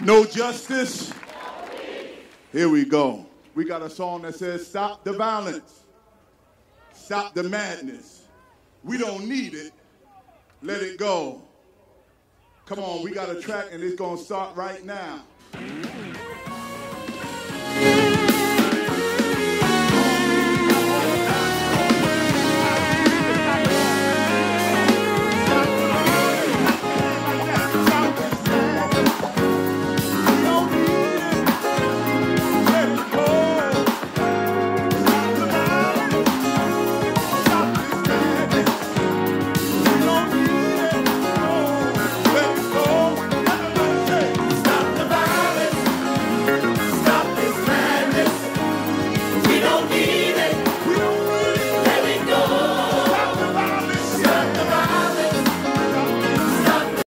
No justice. Here we go. We got a song that says, Stop the violence. Stop the madness. We don't need it. Let it go. Come on, we got a track and it's going to start right now.